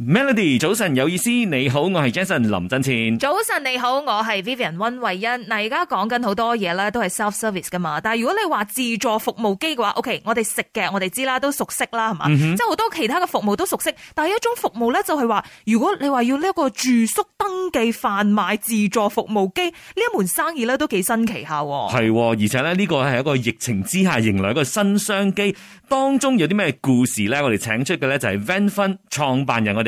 Melody，早晨有意思，你好，我係 Jason 林振前。早晨你好，我係 Vivian 溫慧欣。嗱而家講緊好多嘢咧，都係 self service 噶嘛。但係如果你話自助服務機嘅話，OK，我哋食嘅我哋知啦，都熟悉啦，係嘛，即係好多其他嘅服務都熟悉。但係一種服務咧，就係話，如果你話要呢一個住宿登記販賣自助服務機呢一門生意咧，都幾新奇下。係、哦，而且咧呢個係一個疫情之下迎來一個新商機，當中有啲咩故事咧？我哋請出嘅咧就係 Vanfin 創辦人我哋。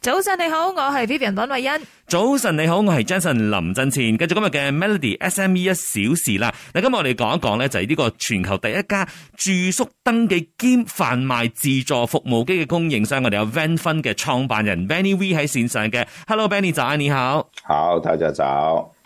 早晨你好，我係 Vivian 董慧欣。早晨你好，我係 Jason 林振前。繼續今日嘅 Melody SME 一小時啦。嗱，今日我哋講一講咧，就係呢個全球第一家住宿登記兼販賣自助服務機嘅供應商。我哋有 VanFun 嘅創辦人、Benny、Benny V 喺線上嘅。Hello Benny，早，你好。好，睇就走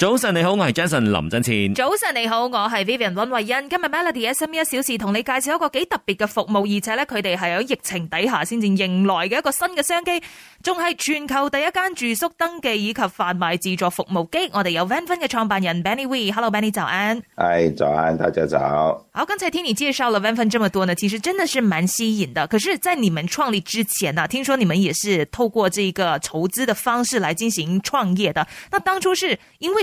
早晨你好，我係 Jason 林振千。早晨你好，我係 Vivian 溫慧欣。今日 Melody SME 一小時同你介紹一個幾特別嘅服務，而且咧佢哋係喺疫情底下先至迎來嘅一個新嘅商機，仲係全球第一間住宿登記以及販賣自助服務機。我哋有 Vanfin 嘅創辦人 Benny Wee。Hello，Benny，早安。哎，早安，大家早。好，剛才聽你介紹了 Vanfin 這麼多呢，其實真的是蠻吸引的。可是，在你們創立之前啊，聽說你們也是透過這一個籌資的方式來進行創業的。那當初是因為？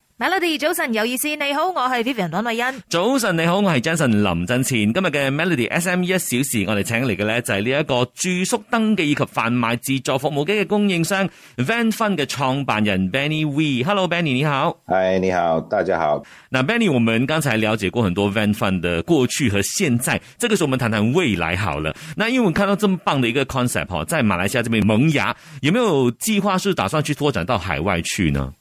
Hello 早晨有意思，你好，我係 Vivian 梁麗欣。早晨你好，我係 Jason 林振前。今日嘅 Melody SME 一小時，我哋請嚟嘅咧就係呢一個住宿登記以及販賣自助服務機嘅供應商 Van Fun 嘅創辦人 Benny We。Hello Benny 你好，Hi 你好，大家好。那 Benny，我們剛才了解過很多 Van Fun 嘅過去和現在，這個時候我們談談未來好了。那因為我看到咁樣棒嘅一個 concept 在馬來西亞這邊萌芽，有沒有計劃是打算去拓展到海外去呢？